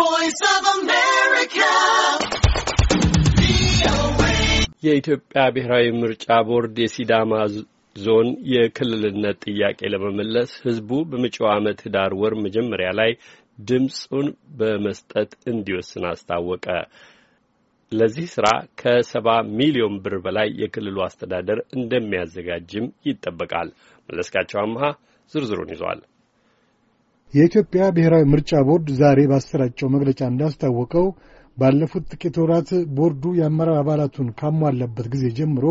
voice የኢትዮጵያ ብሔራዊ ምርጫ ቦርድ የሲዳማ ዞን የክልልነት ጥያቄ ለመመለስ ህዝቡ በመጪው ዓመት ህዳር ወር መጀመሪያ ላይ ድምፁን በመስጠት እንዲወስን አስታወቀ። ለዚህ ስራ ከሰባ ሚሊዮን ብር በላይ የክልሉ አስተዳደር እንደሚያዘጋጅም ይጠበቃል። መለስካቸው አምሃ ዝርዝሩን ይዟል። የኢትዮጵያ ብሔራዊ ምርጫ ቦርድ ዛሬ ባሰራጨው መግለጫ እንዳስታወቀው ባለፉት ጥቂት ወራት ቦርዱ የአመራር አባላቱን ካሟላበት ጊዜ ጀምሮ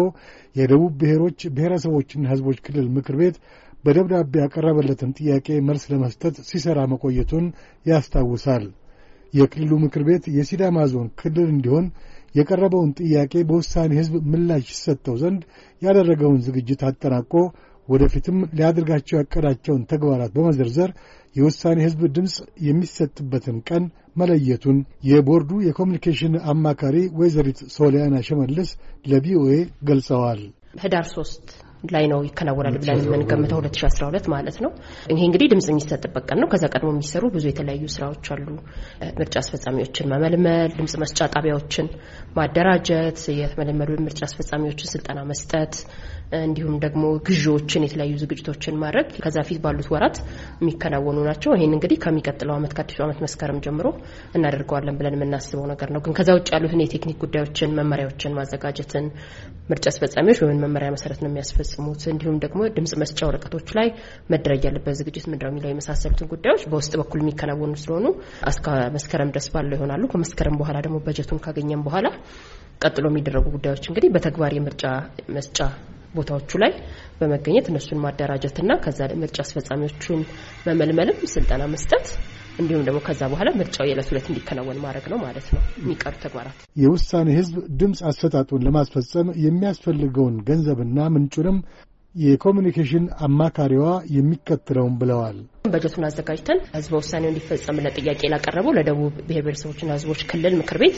የደቡብ ብሔሮች ብሔረሰቦችና ሕዝቦች ክልል ምክር ቤት በደብዳቤ ያቀረበለትን ጥያቄ መልስ ለመስጠት ሲሠራ መቆየቱን ያስታውሳል። የክልሉ ምክር ቤት የሲዳማ ዞን ክልል እንዲሆን የቀረበውን ጥያቄ በውሳኔ ሕዝብ ምላሽ ይሰጠው ዘንድ ያደረገውን ዝግጅት አጠናቆ ወደፊትም ሊያደርጋቸው ያቀዳቸውን ተግባራት በመዘርዘር የውሳኔ ሕዝብ ድምፅ የሚሰጥበትን ቀን መለየቱን የቦርዱ የኮሚኒኬሽን አማካሪ ወይዘሪት ሶሊያና ሸመልስ ለቪኦኤ ገልጸዋል። ህዳር ሶስት ላይ ነው ይከናወናል ብለን የምንገምተው 2012 ማለት ነው። ይሄ እንግዲህ ድምጽ የሚሰጥበት ቀን ነው። ከዛ ቀድሞ የሚሰሩ ብዙ የተለያዩ ስራዎች አሉ። ምርጫ አስፈጻሚዎችን መመልመል፣ ድምጽ መስጫ ጣቢያዎችን ማደራጀት፣ የተመለመሉ ምርጫ አስፈጻሚዎችን ስልጠና መስጠት፣ እንዲሁም ደግሞ ግዢዎችን፣ የተለያዩ ዝግጅቶችን ማድረግ ከዛ ፊት ባሉት ወራት የሚከናወኑ ናቸው። ይህን እንግዲህ ከሚቀጥለው ዓመት ከአዲሱ ዓመት መስከረም ጀምሮ እናደርገዋለን ብለን የምናስበው ነገር ነው። ግን ከዛ ውጭ ያሉትን የቴክኒክ ጉዳዮችን መመሪያዎችን ማዘጋጀትን ምርጫ አስፈጻሚዎች በምን መመሪያ መሰረት ነው የሚያስፈጽ የሚፈጽሙት እንዲሁም ደግሞ ድምጽ መስጫ ወረቀቶች ላይ መደረግ ያለበት ዝግጅት ምንድነው የሚለው የመሳሰሉትን ጉዳዮች በውስጥ በኩል የሚከናወኑ ስለሆኑ እስከ መስከረም ድረስ ባለው ይሆናሉ። ከመስከረም በኋላ ደግሞ በጀቱን ካገኘም በኋላ ቀጥሎ የሚደረጉ ጉዳዮች እንግዲህ በተግባር የምርጫ መስጫ ቦታዎቹ ላይ በመገኘት እነሱን ማደራጀትና ከዛ ምርጫ አስፈጻሚዎቹን መመልመልም ስልጠና መስጠት እንዲሁም ደግሞ ከዛ በኋላ ምርጫው የዕለት ሁለት እንዲከናወን ማድረግ ነው ማለት ነው የሚቀሩ ተግባራት። የውሳኔ ህዝብ ድምፅ አሰጣጡን ለማስፈጸም የሚያስፈልገውን ገንዘብና ምንጩንም የኮሚኒኬሽን አማካሪዋ የሚከተለውን ብለዋል። በጀቱን አዘጋጅተን ህዝበ ውሳኔው እንዲፈጸምለት ጥያቄ ላቀረበው ለደቡብ ብሔር ብሔረሰቦችና ህዝቦች ክልል ምክር ቤት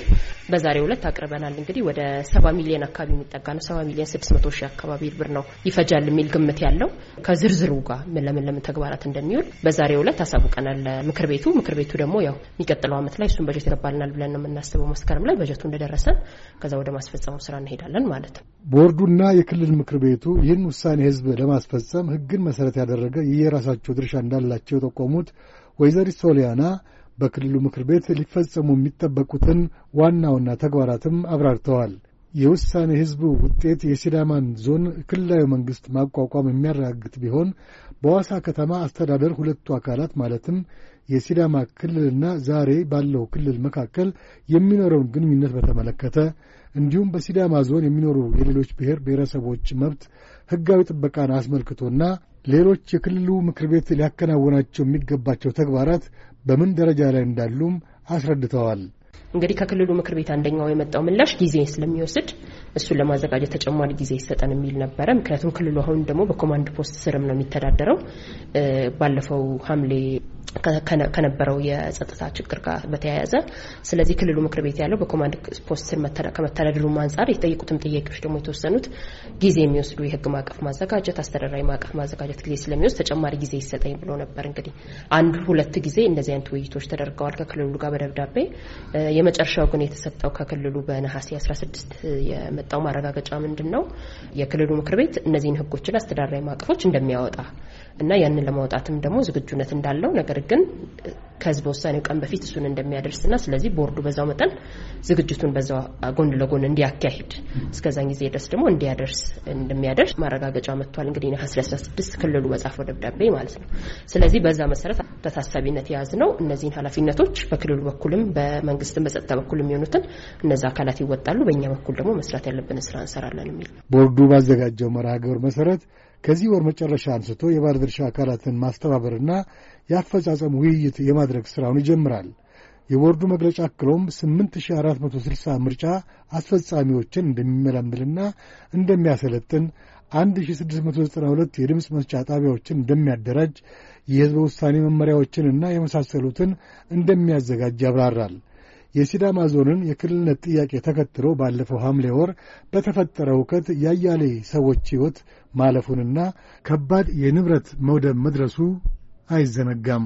በዛሬው ዕለት አቅርበናል። እንግዲህ ወደ ሰባ ሚሊዮን አካባቢ የሚጠጋ ነው። ሰባ ሚሊዮን ስድስት መቶ ሺህ አካባቢ ብር ነው ይፈጃል የሚል ግምት ያለው ከዝርዝሩ ጋር ምን ለምን ለምን ተግባራት እንደሚውል በዛሬው ዕለት አሳውቀናል ምክር ቤቱ። ምክር ቤቱ ደግሞ ያው የሚቀጥለው ዓመት ላይ እሱን በጀት ይገባልናል ብለን ነው የምናስበው። መስከረም ላይ በጀቱ እንደደረሰን ከዛ ወደ ማስፈጸሙ ስራ እንሄዳለን ማለት ነው። ቦርዱና የክልል ምክር ቤቱ ይህን ውሳኔ ህዝብ ለማስፈጸም ህግን መሰረት ያደረገ የየራሳቸው ድርሻ እንዳላ። መሆናቸው የጠቆሙት ወይዘሪት ሶሊያና በክልሉ ምክር ቤት ሊፈጸሙ የሚጠበቁትን ዋና ዋና ተግባራትም አብራርተዋል። የውሳኔ ህዝቡ ውጤት የሲዳማን ዞን ክልላዊ መንግሥት ማቋቋም የሚያረጋግጥ ቢሆን በዋሳ ከተማ አስተዳደር ሁለቱ አካላት ማለትም የሲዳማ ክልልና ዛሬ ባለው ክልል መካከል የሚኖረውን ግንኙነት በተመለከተ እንዲሁም በሲዳማ ዞን የሚኖሩ የሌሎች ብሔር ብሔረሰቦች መብት ሕጋዊ ጥበቃን አስመልክቶና ሌሎች የክልሉ ምክር ቤት ሊያከናውናቸው የሚገባቸው ተግባራት በምን ደረጃ ላይ እንዳሉም አስረድተዋል። እንግዲህ ከክልሉ ምክር ቤት አንደኛው የመጣው ምላሽ ጊዜ ስለሚወስድ እሱን ለማዘጋጀት ተጨማሪ ጊዜ ይሰጠን የሚል ነበረ። ምክንያቱም ክልሉ አሁን ደግሞ በኮማንድ ፖስት ስርም ነው የሚተዳደረው። ባለፈው ሐምሌ ከነበረው የጸጥታ ችግር ጋር በተያያዘ ስለዚህ ክልሉ ምክር ቤት ያለው በኮማንድ ፖስት ስር ከመተዳደሩ አንጻር የተጠየቁትም ጥያቄዎች ደግሞ የተወሰኑት ጊዜ የሚወስዱ የህግ ማዕቀፍ ማዘጋጀት፣ አስተዳደራዊ ማዕቀፍ ማዘጋጀት ጊዜ ስለሚወስድ ተጨማሪ ጊዜ ይሰጠኝ ብሎ ነበር። እንግዲህ አንድ ሁለት ጊዜ እንደዚህ አይነት ውይይቶች ተደርገዋል ከክልሉ ጋር በደብዳቤ የመጨረሻው ግን የተሰጠው ከክልሉ በነሐሴ 16 የመጣው ማረጋገጫ ምንድን ነው? የክልሉ ምክር ቤት እነዚህን ህጎችና አስተዳደራዊ ማዕቀፎች እንደሚያወጣ እና ያንን ለማውጣትም ደግሞ ዝግጁነት እንዳለው ነገር ግን ከህዝብ ውሳኔው ቀን በፊት እሱን እንደሚያደርስና ስለዚህ ቦርዱ በዛው መጠን ዝግጅቱን በዛ ጎን ለጎን እንዲያካሂድ እስከዛን ጊዜ ድረስ ደግሞ እንዲያደርስ እንደሚያደርስ ማረጋገጫ መጥቷል። እንግዲህ ነሐሴ 16 ክልሉ መጻፈው ደብዳቤ ማለት ነው። ስለዚህ በዛ መሰረት በታሳቢነት የያዝ ነው እነዚህን ኃላፊነቶች በክልሉ በኩልም በመንግስትም በጸጥታ በኩል የሚሆኑትን እነዚ አካላት ይወጣሉ። በእኛ በኩል ደግሞ መስራት ያለብን ስራ እንሰራለን የሚል ቦርዱ ባዘጋጀው መርሃ ግብር መሰረት ከዚህ ወር መጨረሻ አንስቶ የባለድርሻ አካላትን ማስተባበርና የአፈጻጸም ውይይት የማ የማድረግ ሥራውን ይጀምራል። የቦርዱ መግለጫ አክሎም 8460 ምርጫ አስፈጻሚዎችን እንደሚመለምልና እንደሚያሰለጥን 1692 የድምፅ መስጫ ጣቢያዎችን እንደሚያደራጅ የሕዝበ ውሳኔ መመሪያዎችንና የመሳሰሉትን እንደሚያዘጋጅ ያብራራል። የሲዳማ ዞንን የክልልነት ጥያቄ ተከትሎ ባለፈው ሐምሌ ወር በተፈጠረ ሁከት ያያሌ ሰዎች ሕይወት ማለፉንና ከባድ የንብረት መውደብ መድረሱ አይዘነጋም።